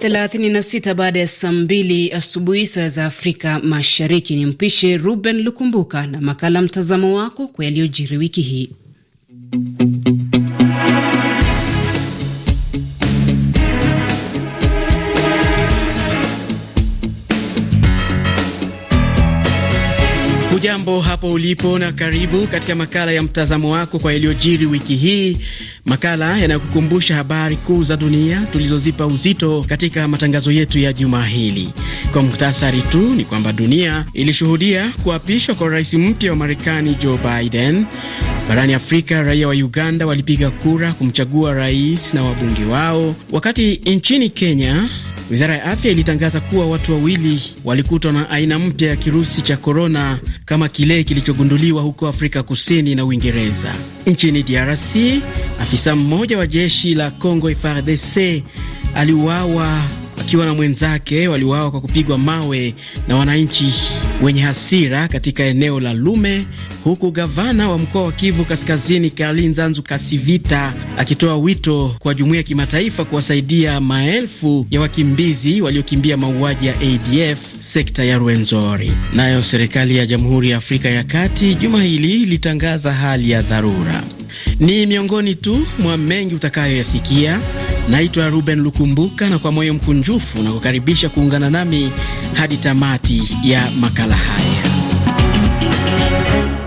36 baada ya saa mbili asubuhi saa za Afrika Mashariki. Ni mpishe Ruben Lukumbuka na makala mtazamo wako kwa yaliyojiri wiki hii. hapo ulipo na karibu katika makala ya mtazamo wako kwa yaliyojiri wiki hii, makala yanayokukumbusha habari kuu za dunia tulizozipa uzito katika matangazo yetu ya juma hili. Kwa muhtasari tu ni kwamba dunia ilishuhudia kuapishwa kwa rais mpya wa Marekani Joe Biden. Barani Afrika, raia wa Uganda walipiga kura kumchagua rais na wabunge wao, wakati nchini Kenya Wizara ya afya ilitangaza kuwa watu wawili walikutwa na aina mpya ya kirusi cha korona kama kile kilichogunduliwa huko Afrika Kusini na Uingereza. Nchini DRC, afisa mmoja wa jeshi la Congo frdc aliuawa akiwa na mwenzake waliuawa kwa kupigwa mawe na wananchi wenye hasira katika eneo la Lume, huku gavana wa mkoa wa Kivu Kaskazini Kalinzanzu Kasivita akitoa wito kwa jumuiya ya kimataifa kuwasaidia maelfu ya wakimbizi waliokimbia mauaji ya ADF sekta ya Rwenzori. Nayo serikali ya Jamhuri ya Afrika ya Kati juma hili ilitangaza hali ya dharura. Ni miongoni tu mwa mengi utakayoyasikia Naitwa Ruben Lukumbuka na kwa moyo mkunjufu na kukaribisha kuungana nami hadi tamati ya makala haya.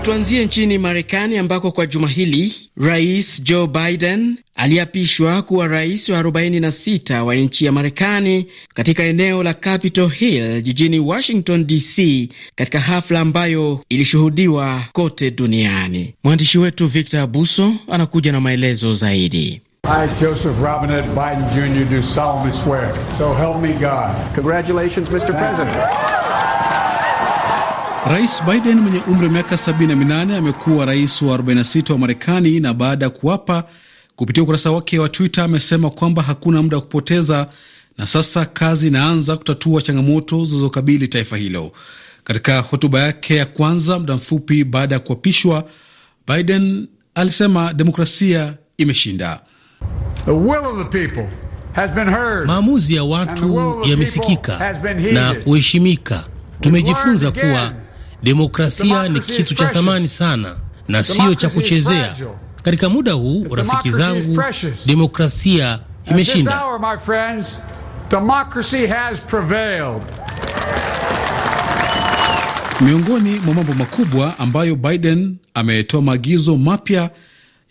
Tuanzie nchini Marekani ambako kwa juma hili Rais Joe Biden aliapishwa kuwa rais wa 46 wa nchi ya Marekani katika eneo la Capitol Hill jijini Washington DC, katika hafla ambayo ilishuhudiwa kote duniani. Mwandishi wetu Victor Abuso anakuja na maelezo zaidi. I, Joseph Robinette Biden Jr., do solemnly swear. So help me God. Congratulations, Mr. Thank President. You. Rais Biden mwenye umri wa miaka 78 amekuwa rais wa 46 wa Marekani na baada ya kuapa kupitia ukurasa wake wa Twitter amesema kwamba hakuna muda wa kupoteza na sasa kazi inaanza kutatua changamoto zilizokabili taifa hilo. Katika hotuba yake ya kwanza muda mfupi baada ya kuapishwa, Biden alisema demokrasia imeshinda. The will of the people has been heard. Maamuzi ya watu yamesikika na kuheshimika. Tumejifunza kuwa demokrasia ni kitu cha thamani sana na siyo cha kuchezea. Katika muda huu, rafiki zangu, demokrasia imeshinda. Miongoni mwa mambo makubwa ambayo Biden ametoa maagizo mapya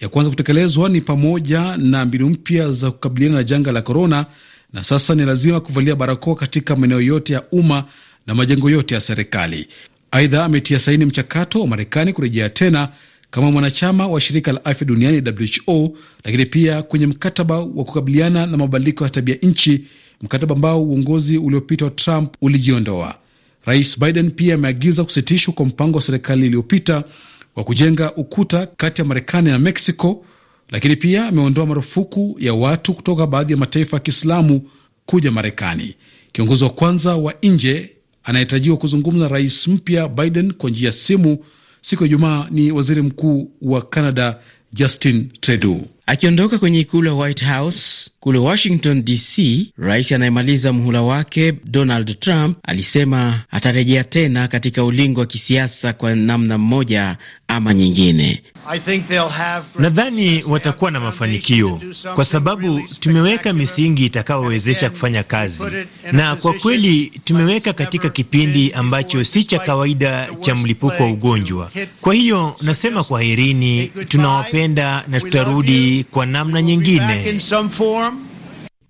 ya kuanza kutekelezwa ni pamoja na mbinu mpya za kukabiliana na janga la korona, na sasa ni lazima kuvalia barakoa katika maeneo yote ya umma na majengo yote ya serikali. Aidha, ametia saini mchakato wa Marekani kurejea tena kama mwanachama wa shirika la afya duniani WHO, lakini pia kwenye mkataba wa kukabiliana na mabadiliko ya tabia nchi, mkataba ambao uongozi uliopita wa Trump ulijiondoa. Rais Biden pia ameagiza kusitishwa kwa mpango wa serikali iliyopita wa kujenga ukuta kati ya Marekani na Meksiko, lakini pia ameondoa marufuku ya watu kutoka baadhi ya mataifa ya Kiislamu kuja Marekani. Kiongozi wa kwanza wa nje anayetarajiwa kuzungumza rais mpya Biden kwa njia ya simu siku ya Ijumaa ni waziri mkuu wa Canada Justin Trudeau. Akiondoka kwenye ikulu ya White House kule Washington DC, rais anayemaliza muhula wake Donald Trump alisema atarejea tena katika ulingo wa kisiasa kwa namna mmoja ama nyingine. Have... nadhani watakuwa na mafanikio kwa sababu tumeweka misingi itakayowezesha kufanya kazi, na kwa kweli tumeweka katika kipindi ambacho si cha kawaida cha mlipuko wa ugonjwa. Kwa hiyo nasema kwaherini, tunawapenda na tutarudi kwa namna nyingine.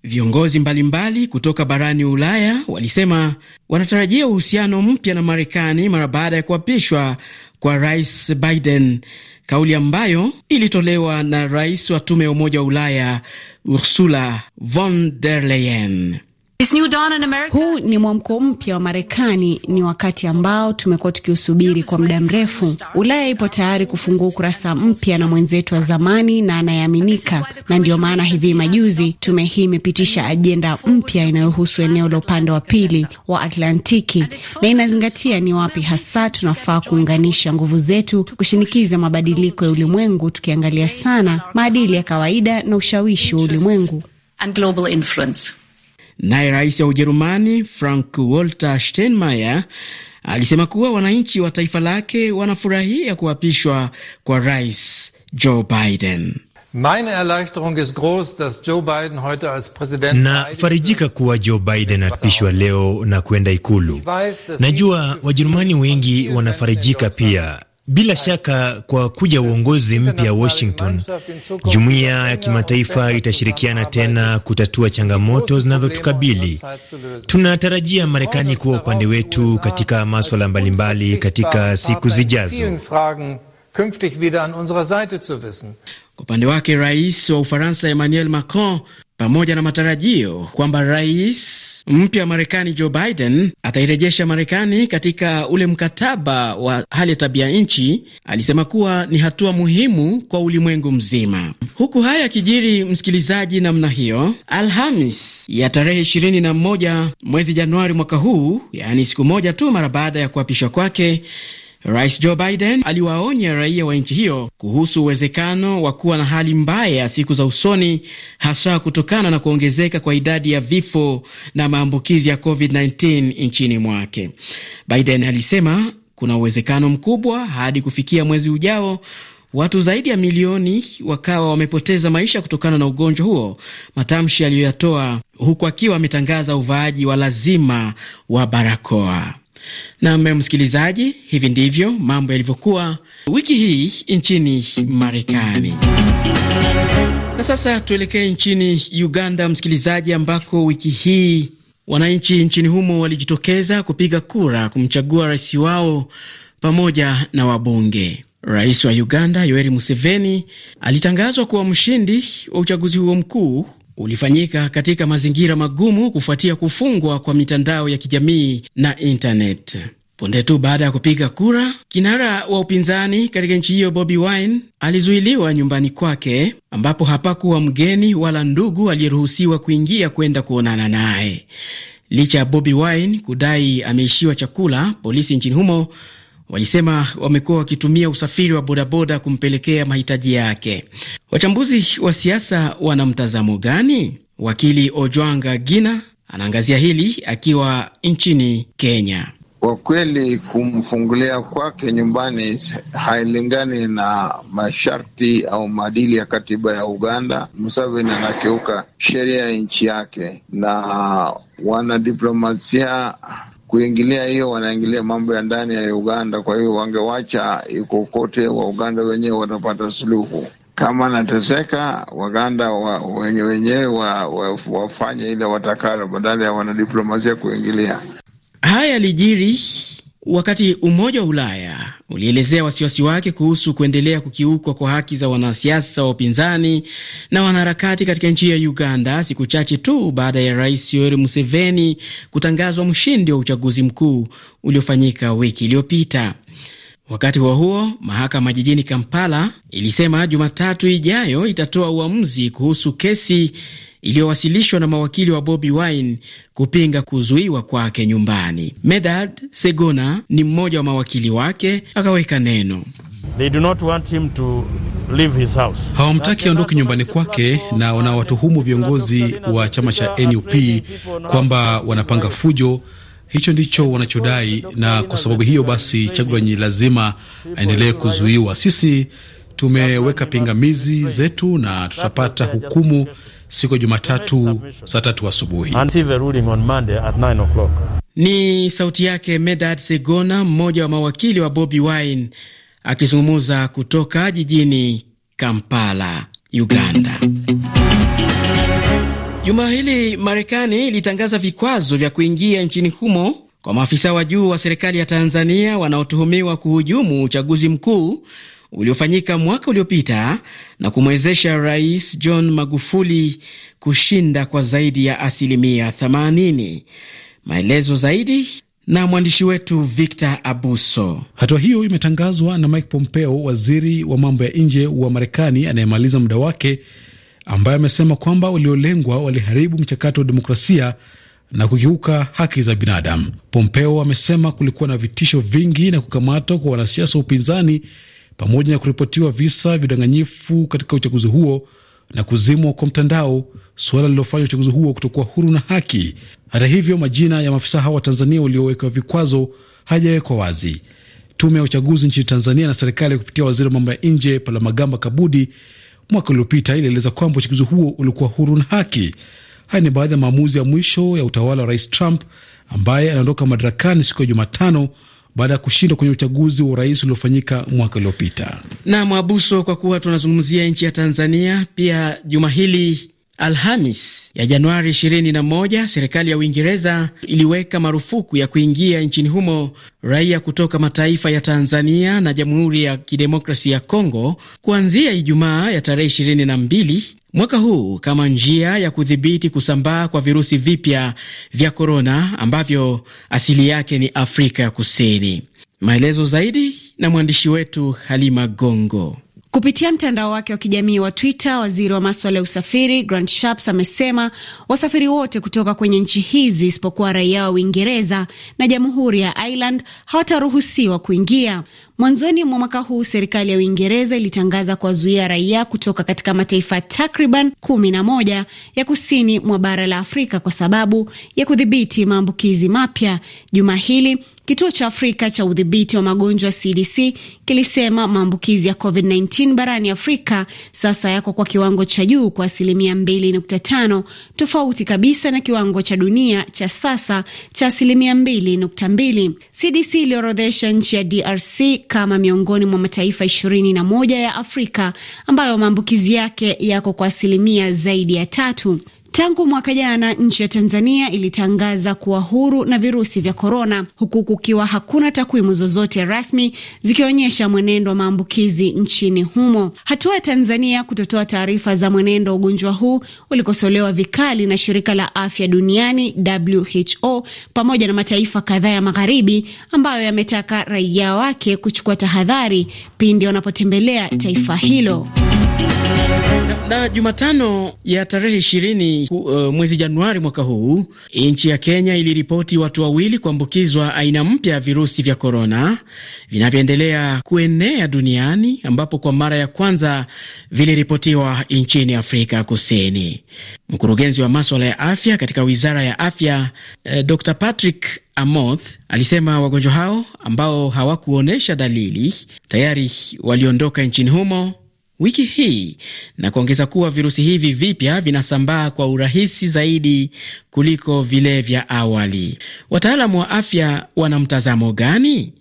Viongozi mbalimbali mbali kutoka barani Ulaya walisema wanatarajia uhusiano mpya na Marekani mara baada ya kuapishwa kwa Rais Biden, kauli ambayo ilitolewa na rais wa tume ya Umoja wa Ulaya Ursula von der Leyen. Huu ni mwamko mpya wa Marekani, ni wakati ambao tumekuwa tukiusubiri kwa muda mrefu. Ulaya ipo tayari kufungua ukurasa mpya na mwenzetu wa zamani na anayeaminika, na ndiyo maana hivi majuzi tume hii imepitisha ajenda mpya inayohusu eneo la upande wa pili wa Atlantiki na inazingatia ni wapi hasa tunafaa kuunganisha nguvu zetu kushinikiza mabadiliko ya ulimwengu, tukiangalia sana maadili ya kawaida na ushawishi wa ulimwengu and global influence. Naye rais wa Ujerumani Frank Walter Steinmeier alisema kuwa wananchi wa taifa lake wanafurahia kuapishwa kwa rais Joe Biden. Nafarijika kuwa Joe Biden aapishwa leo na kwenda Ikulu. Najua Wajerumani wengi wanafarijika pia. Bila shaka kwa kuja uongozi mpya Washington, jumuiya ya kimataifa itashirikiana tena kutatua changamoto zinazotukabili. Tunatarajia Marekani kuwa upande wetu katika maswala mbalimbali katika siku zijazo. Kwa upande wake, rais wa Ufaransa Emmanuel Macron, pamoja na matarajio kwamba rais mpya wa Marekani Joe Biden atairejesha Marekani katika ule mkataba wa hali ya tabia nchi, alisema kuwa ni hatua muhimu kwa ulimwengu mzima. Huku haya yakijiri, msikilizaji, namna hiyo, Alhamis ya tarehe 21 mwezi Januari mwaka huu, yaani siku moja tu mara baada ya kuapishwa kwake Rais Joe Biden aliwaonya raia wa nchi hiyo kuhusu uwezekano wa kuwa na hali mbaya ya siku za usoni, hasa kutokana na kuongezeka kwa idadi ya vifo na maambukizi ya COVID-19 nchini mwake. Biden alisema kuna uwezekano mkubwa hadi kufikia mwezi ujao watu zaidi ya milioni wakawa wamepoteza maisha kutokana na ugonjwa huo, matamshi aliyoyatoa huku akiwa ametangaza uvaaji wa lazima wa barakoa. Nam msikilizaji, hivi ndivyo mambo yalivyokuwa wiki hii nchini Marekani. Na sasa tuelekee nchini Uganda, msikilizaji, ambako wiki hii wananchi nchini humo walijitokeza kupiga kura kumchagua rais wao pamoja na wabunge. Rais wa Uganda Yoweri Museveni alitangazwa kuwa mshindi wa uchaguzi huo mkuu ulifanyika katika mazingira magumu kufuatia kufungwa kwa mitandao ya kijamii na intanet. Punde tu baada ya kupiga kura, kinara wa upinzani katika nchi hiyo Bobi Wine alizuiliwa nyumbani kwake, ambapo hapakuwa mgeni wala ndugu aliyeruhusiwa kuingia kwenda kuonana naye. Licha ya Bobi Wine kudai ameishiwa chakula, polisi nchini humo walisema wamekuwa wakitumia usafiri wa bodaboda kumpelekea mahitaji yake. Wachambuzi wa siasa wana mtazamo gani? Wakili Ojwanga Gina anaangazia hili akiwa nchini Kenya. Kwa kweli kumfungulia kwake nyumbani hailingani na masharti au maadili ya katiba ya Uganda. Museveni anakiuka sheria ya nchi yake, na wanadiplomasia kuingilia hiyo, wanaingilia mambo ya ndani ya Uganda. Kwa hiyo wangewacha iko kote, wa Uganda wenyewe watapata suluhu. Kama anateseka Waganda wa, wenye wenyewe wa, wa, wafanye ile watakalo, badala ya wanadiplomasia kuingilia haya yalijiri Wakati Umoja wa Ulaya ulielezea wasiwasi wake kuhusu kuendelea kukiukwa kwa haki za wanasiasa wa upinzani na wanaharakati katika nchi ya Uganda, siku chache tu baada ya Rais Yoweri Museveni kutangazwa mshindi wa uchaguzi mkuu uliofanyika wiki iliyopita. Wakati huo huo, mahakama jijini Kampala ilisema Jumatatu ijayo itatoa uamuzi kuhusu kesi iliyowasilishwa na mawakili wa Bobi Wine kupinga kuzuiwa kwake nyumbani. Medad Segona ni mmoja wa mawakili wake, akaweka neno hawamtaki aondoke nyumbani kwake na wanawatuhumu viongozi wa chama cha NUP kwamba wanapanga fujo Hicho ndicho wanachodai, na kwa sababu hiyo basi Chagulanyi lazima aendelee kuzuiwa. Sisi tumeweka pingamizi zetu na tutapata hukumu siku ya Jumatatu saa tatu asubuhi. Ni sauti yake medad Segona, mmoja wa mawakili wa Bobi Wine akizungumza kutoka jijini Kampala, Uganda. Juma hili Marekani ilitangaza vikwazo vya kuingia nchini humo kwa maafisa wa juu wa serikali ya Tanzania wanaotuhumiwa kuhujumu uchaguzi mkuu uliofanyika mwaka uliopita na kumwezesha Rais John Magufuli kushinda kwa zaidi ya asilimia 80. Maelezo zaidi na mwandishi wetu Victor Abuso. Hatua hiyo imetangazwa na Mike Pompeo, waziri wa mambo ya nje wa Marekani anayemaliza muda wake ambaye amesema kwamba waliolengwa waliharibu mchakato wa demokrasia na kukiuka haki za binadamu. Pompeo amesema kulikuwa na vitisho vingi na kukamatwa kwa wanasiasa wa upinzani pamoja na kuripotiwa visa vya udanganyifu katika uchaguzi huo na kuzimwa kwa mtandao, suala lililofanya uchaguzi huo kutokuwa huru na haki. Hata hivyo, majina ya maafisa hao wa Tanzania waliowekewa vikwazo hajawekwa wazi. Tume ya uchaguzi nchini Tanzania na serikali kupitia waziri wa mambo ya nje Palamagamba Kabudi mwaka uliopita ilieleza kwamba uchaguzi huo ulikuwa huru na haki. Haya ni baadhi ya maamuzi ya mwisho ya utawala wa Rais Trump ambaye anaondoka madarakani siku ya Jumatano baada ya kushindwa kwenye uchaguzi wa urais uliofanyika mwaka uliopita. Nam Abuso, kwa kuwa tunazungumzia nchi ya Tanzania, pia juma hili Alhamis ya Januari 21 serikali ya Uingereza iliweka marufuku ya kuingia nchini humo raia kutoka mataifa ya Tanzania na Jamhuri ya Kidemokrasia ya Kongo kuanzia Ijumaa ya tarehe 22 mwaka huu kama njia ya kudhibiti kusambaa kwa virusi vipya vya korona ambavyo asili yake ni Afrika ya Kusini. Maelezo zaidi na mwandishi wetu Halima Gongo. Kupitia mtandao wake wa kijamii wa Twitter, waziri wa maswala ya usafiri Grant Shapps amesema wasafiri wote kutoka kwenye nchi hizi isipokuwa raia wa Uingereza na jamhuri ya Ireland hawataruhusiwa kuingia. Mwanzoni mwa mwaka huu serikali ya Uingereza ilitangaza kuwazuia raia kutoka katika mataifa takriban kumi na moja ya kusini mwa bara la Afrika kwa sababu ya kudhibiti maambukizi mapya. Juma hili kituo cha Afrika cha udhibiti wa magonjwa CDC kilisema maambukizi ya COVID-19 barani Afrika sasa yako kwa kiwango cha juu kwa asilimia 2.5 tofauti kabisa na kiwango cha dunia cha sasa cha asilimia 2.2. CDC iliorodhesha nchi ya DRC kama miongoni mwa mataifa ishirini na moja ya Afrika ambayo maambukizi yake yako kwa asilimia zaidi ya tatu. Tangu mwaka jana nchi ya Tanzania ilitangaza kuwa huru na virusi vya korona, huku kukiwa hakuna takwimu zozote rasmi zikionyesha mwenendo wa maambukizi nchini humo. Hatua ya Tanzania kutotoa taarifa za mwenendo wa ugonjwa huu ulikosolewa vikali na shirika la afya duniani WHO pamoja na mataifa kadhaa ya magharibi ambayo yametaka raia wake kuchukua tahadhari pindi wanapotembelea taifa hilo. Na Jumatano ya tarehe ishirini uh, mwezi Januari mwaka huu nchi ya Kenya iliripoti watu wawili kuambukizwa aina mpya ya virusi vya korona vinavyoendelea kuenea duniani ambapo kwa mara ya kwanza viliripotiwa nchini Afrika Kusini. Mkurugenzi wa maswala ya afya katika wizara ya afya uh, eh, Dr Patrick Amoth alisema wagonjwa hao ambao hawakuonyesha dalili tayari waliondoka nchini humo wiki hii na kuongeza kuwa virusi hivi vipya vinasambaa kwa urahisi zaidi kuliko vile vya awali. Wataalamu wa afya wana mtazamo gani?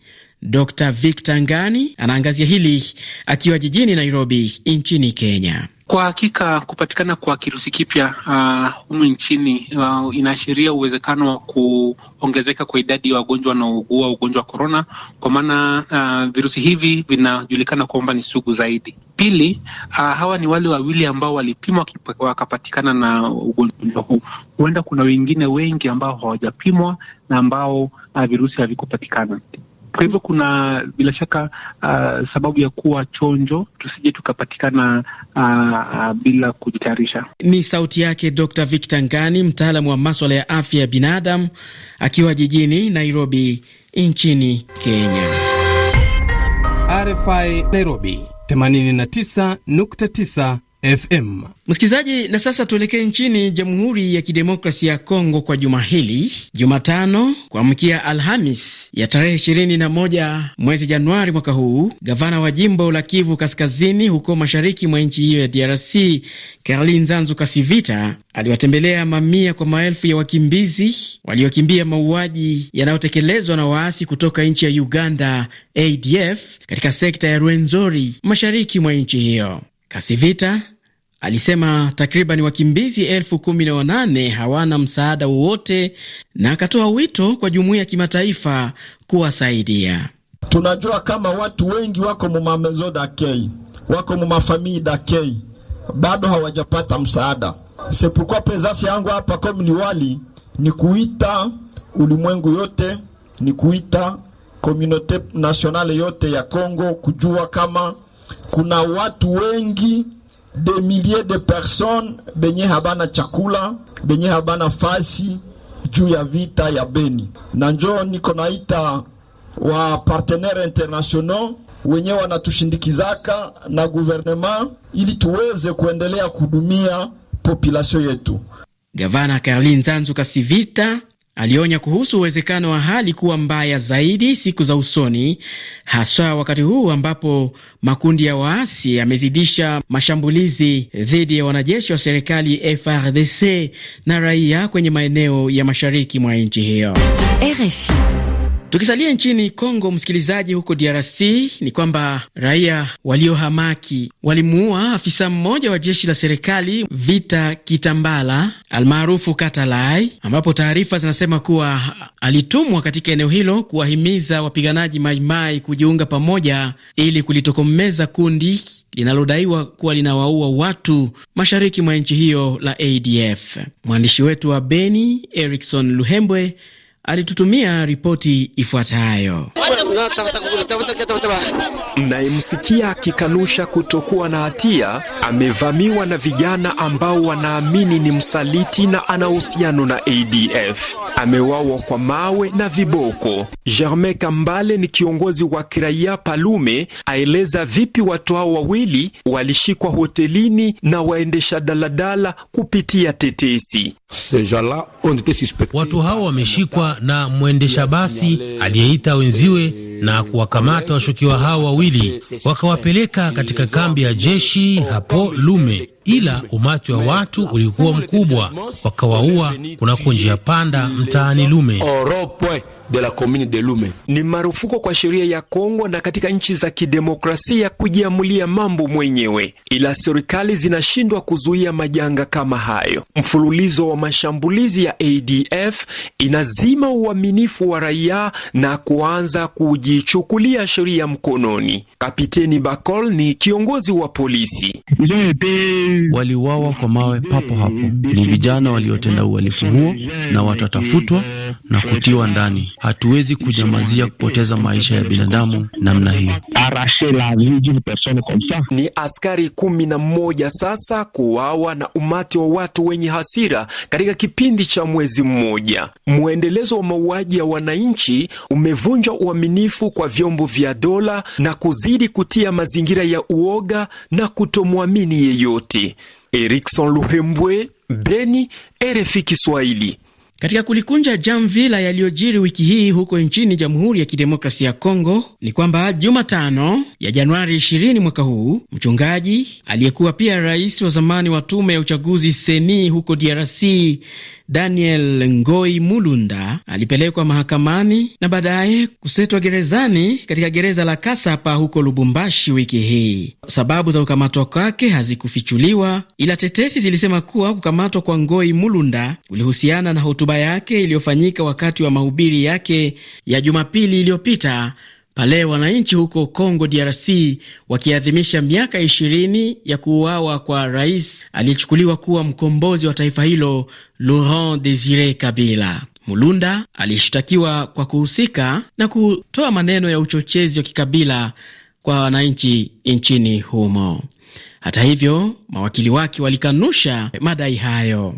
Dr Victor Ngani anaangazia hili akiwa jijini Nairobi nchini Kenya. Kwa hakika kupatikana kwa kirusi kipya uh, humu uh, nchini uh, inaashiria uwezekano wa kuongezeka kwa idadi ya wagonjwa wanaougua ugonjwa wa korona, kwa maana uh, virusi hivi vinajulikana kwamba ni sugu zaidi. Pili, uh, hawa ni wale wawili ambao walipimwa wakapatikana na ugonjwa huu. Huenda kuna wengine wengi ambao hawajapimwa na ambao uh, virusi havikupatikana. Kwa hivyo kuna bila shaka uh, sababu ya kuwa chonjo, tusije tukapatikana uh, uh, bila kujitayarisha. Ni sauti yake Dr. Victor Ngani, mtaalamu wa maswala ya afya ya binadamu akiwa jijini Nairobi nchini Kenya. RFI Nairobi 89.9 FM. Msikilizaji, na sasa tuelekee nchini Jamhuri ya Kidemokrasia ya Kongo kwa juma hili, Jumatano kuamkia Alhamis ya tarehe 21 mwezi Januari mwaka huu, gavana wa jimbo la Kivu Kaskazini huko mashariki mwa nchi hiyo ya DRC, Karli Zanzu Kasivita aliwatembelea mamia kwa maelfu ya wakimbizi waliokimbia mauaji yanayotekelezwa na waasi kutoka nchi ya Uganda ADF katika sekta ya Rwenzori mashariki mwa nchi hiyo. Kasivita Alisema takriban wakimbizi elfu kumi na wanane hawana msaada wowote, na akatoa wito kwa jumuiya ya kimataifa kuwasaidia. Tunajua kama watu wengi wako mumamezo dakei, wako mumafamii dakei, bado hawajapata msaada. Sepukwa prezansi yangu hapa komniwali ni kuita ulimwengu yote, ni kuita komunote nasionale yote ya Kongo kujua kama kuna watu wengi des milliers de personnes benye habana chakula, benye habana fasi juu ya vita ya Beni, na njoo niko naita wa partenaire international wenyewe wanatushindikizaka na guvernema ili tuweze kuendelea kuhudumia population yetu. Gavana Karlin Zanzu Kasivita Alionya kuhusu uwezekano wa hali kuwa mbaya zaidi siku za usoni, haswa wakati huu ambapo makundi ya waasi yamezidisha mashambulizi dhidi ya wanajeshi wa serikali FRDC na raia kwenye maeneo ya mashariki mwa nchi hiyo. RFI. Tukisalia nchini Kongo, msikilizaji, huko DRC ni kwamba raia waliohamaki walimuua afisa mmoja wa jeshi la serikali Vita Kitambala almaarufu Katalai, ambapo taarifa zinasema kuwa alitumwa katika eneo hilo kuwahimiza wapiganaji Maimai kujiunga pamoja ili kulitokomeza kundi linalodaiwa kuwa linawaua watu mashariki mwa nchi hiyo la ADF. Mwandishi wetu wa Beni Erikson Luhembwe alitutumia ripoti ifuatayo. Mnayemsikia akikanusha kutokuwa na hatia amevamiwa na vijana ambao wanaamini ni msaliti na ana uhusiano na ADF. Amewawa kwa mawe na viboko. Germain Kambale ni kiongozi wa kiraia Palume, aeleza vipi watu hao wawili walishikwa hotelini na waendesha daladala kupitia tetesi. Watu hao wameshikwa na mwendesha basi aliyeita wenziwe na kuwakamata washukiwa hao wawili wakawapeleka katika kambi ya jeshi hapo Lume, ila umati wa watu ulikuwa mkubwa, wakawaua kunako njia panda mtaani Lume de la commune de Lume. Ni marufuku kwa sheria ya Kongo na katika nchi za kidemokrasia kujiamulia mambo mwenyewe, ila serikali zinashindwa kuzuia majanga kama hayo. Mfululizo wa mashambulizi ya ADF inazima uaminifu wa raia na kuanza kujichukulia sheria mkononi. Kapiteni Bakol ni kiongozi wa polisi. Waliuawa kwa mawe papo hapo, ni vijana waliotenda uhalifu huo na watatafutwa na kutiwa ndani. Hatuwezi kunyamazia kupoteza maisha ya binadamu namna hiyo. Ni askari kumi na mmoja sasa kuwawa na umati wa watu wenye hasira katika kipindi cha mwezi mmoja. Mwendelezo wa mauaji ya wananchi umevunja uaminifu kwa vyombo vya dola na kuzidi kutia mazingira ya uoga na kutomwamini yeyote. Erikson Luhembwe, Beni, RFI Kiswahili. Katika kulikunja jamvi la yaliyojiri wiki hii huko nchini Jamhuri ya Kidemokrasia ya Kongo ni kwamba Jumatano ya Januari 20 mwaka huu mchungaji aliyekuwa pia rais wa zamani wa tume ya uchaguzi seni huko DRC Daniel Ngoi Mulunda alipelekwa mahakamani na baadaye kusetwa gerezani katika gereza la Kasapa huko Lubumbashi wiki hii. Sababu za kukamatwa kwake hazikufichuliwa, ila tetesi zilisema kuwa kukamatwa kwa Ngoi Mulunda kulihusiana na hotuba hotuba yake iliyofanyika wakati wa mahubiri yake ya Jumapili iliyopita pale wananchi huko Congo DRC wakiadhimisha miaka 20 ya kuuawa kwa rais aliyechukuliwa kuwa mkombozi wa taifa hilo Laurent Desire Kabila. Mulunda alishtakiwa kwa kuhusika na kutoa maneno ya uchochezi wa kikabila kwa wananchi nchini humo. Hata hivyo, mawakili wake walikanusha madai hayo.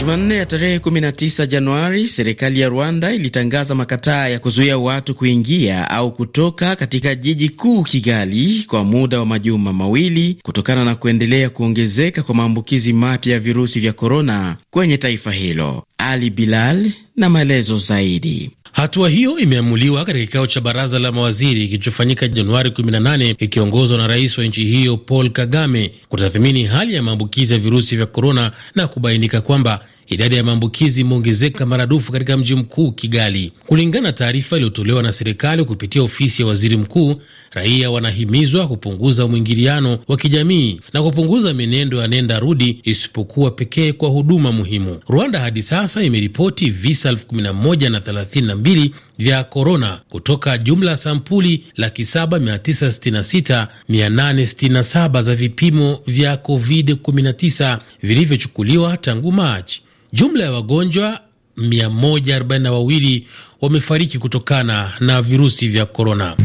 Jumanne ya tarehe 19 Januari, serikali ya Rwanda ilitangaza makataa ya kuzuia watu kuingia au kutoka katika jiji kuu Kigali kwa muda wa majuma mawili kutokana na kuendelea kuongezeka kwa maambukizi mapya ya virusi vya korona kwenye taifa hilo. Ali Bilal na maelezo zaidi. Hatua hiyo imeamuliwa katika kikao cha baraza la mawaziri kilichofanyika Januari 18 ikiongozwa na rais wa nchi hiyo Paul Kagame kutathmini hali ya maambukizi ya virusi vya korona na kubainika kwamba idadi ya maambukizi imeongezeka maradufu katika mji mkuu Kigali. Kulingana na taarifa iliyotolewa na serikali kupitia ofisi ya waziri mkuu, raia wanahimizwa kupunguza mwingiliano wa kijamii na kupunguza mienendo ya nenda rudi, isipokuwa pekee kwa huduma muhimu. Rwanda hadi sasa imeripoti visa elfu kumi na moja na thelathini na mbili vya korona kutoka jumla ya sampuli laki saba mia tisa sita mia nane saba za vipimo vya COVID-19 vilivyochukuliwa tangu Machi. Jumla ya wagonjwa 142 wamefariki kutokana na virusi vya korona.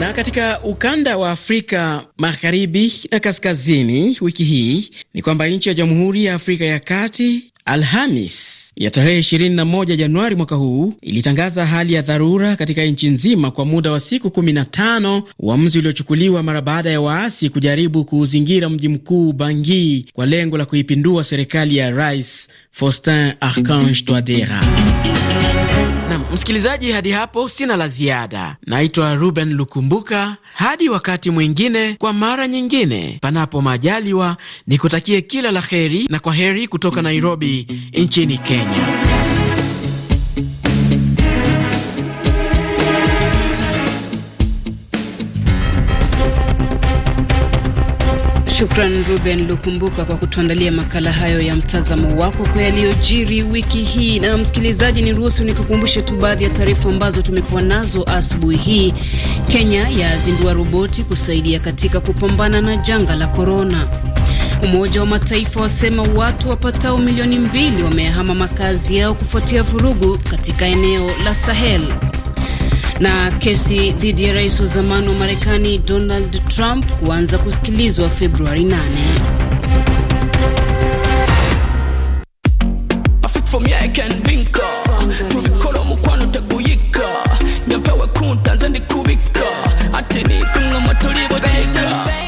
Na katika ukanda wa Afrika magharibi na kaskazini, wiki hii ni kwamba nchi ya Jamhuri ya Afrika ya Kati Alhamis ya tarehe 21 Januari mwaka huu ilitangaza hali ya dharura katika nchi nzima kwa muda wa siku 15, uamuzi uliochukuliwa mara baada ya waasi kujaribu kuuzingira mji mkuu Bangui kwa lengo la kuipindua serikali ya Rais Faustin Archange Touadera. Nam msikilizaji, hadi hapo sina la ziada. Naitwa Ruben Lukumbuka, hadi wakati mwingine, kwa mara nyingine, panapo majaliwa, nikutakie kila la heri na kwa heri kutoka Nairobi nchini Kenya. Shukran Ruben Lukumbuka kwa kutuandalia makala hayo ya mtazamo wako kwa yaliyojiri wiki hii. Na msikilizaji, ni ruhusu nikukumbushe tu baadhi ya taarifa ambazo tumekuwa nazo asubuhi hii. Kenya yazindua roboti kusaidia katika kupambana na janga la korona. Umoja wa Mataifa wasema watu wapatao milioni mbili wamehama makazi yao kufuatia vurugu katika eneo la Sahel na kesi dhidi ya rais wa zamani wa Marekani Donald Trump kuanza kusikilizwa Februari 8.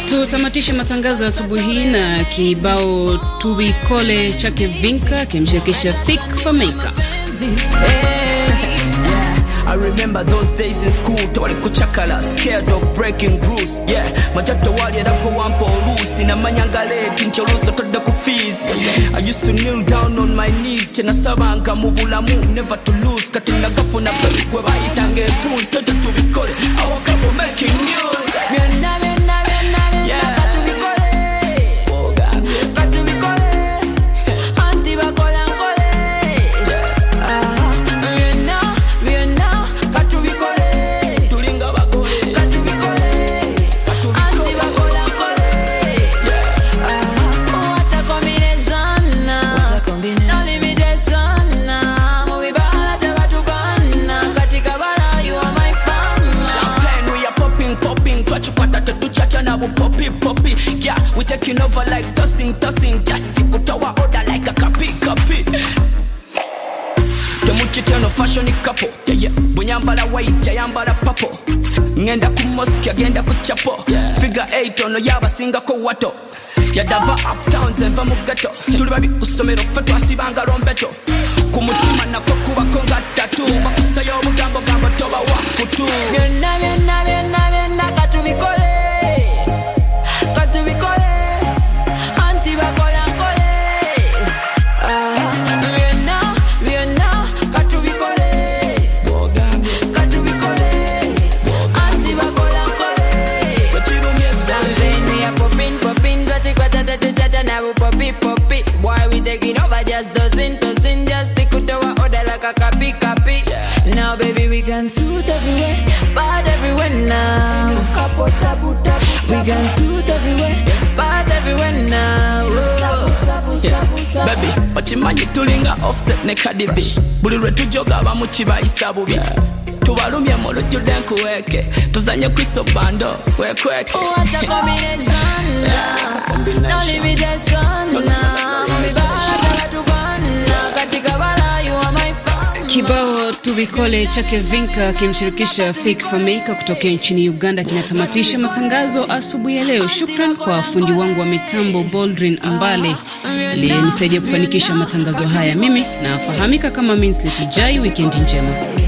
Tutamatishe matangazo ya asubuhi hii na kibao tuvikole chake Vinka kimshirikisha Fik Fameka. I remember those days in school, tewali kuchakala, scared of breaking rules. Yeah, majato wali adako wampo olusi, na manyanga leti, nti olusi otodde ku fees. I used to kneel down on my knees, kye nasabanga mu bulamu, never to lose, kati nagafuna baby gwe bayitanga empunzi, toto tubikole, awaka we're making news. Yeah. genda ku chapo figa 8 ono yabasingako wato yadava uptown zenva mu ghetto tuli babi ku ssomero ffe twasibanga lombeto ku mutima nakwo kubako nga tatu bakusayo obugambo gambo tobawa kutu byonna byonna We can suit everywhere, part everywhere now. Yeah. Baby, okimanyi tulinga offset ne Cardi B Buli lwe tujoga abamu kibayisa bubi yeah. Tubalumye mu lujju dde nkuweeke Tuzanye ku iso bando weekweke oh, Kibao tubikole chake Vinka kimshirikisha Fik Famika kutokea nchini Uganda kinatamatisha matangazo asubuhi ya leo. Shukran kwa fundi wangu wa mitambo Boldrin Ambale aliyenisaidia kufanikisha matangazo haya. Mimi nafahamika kama Minsi Jai. Wikendi njema.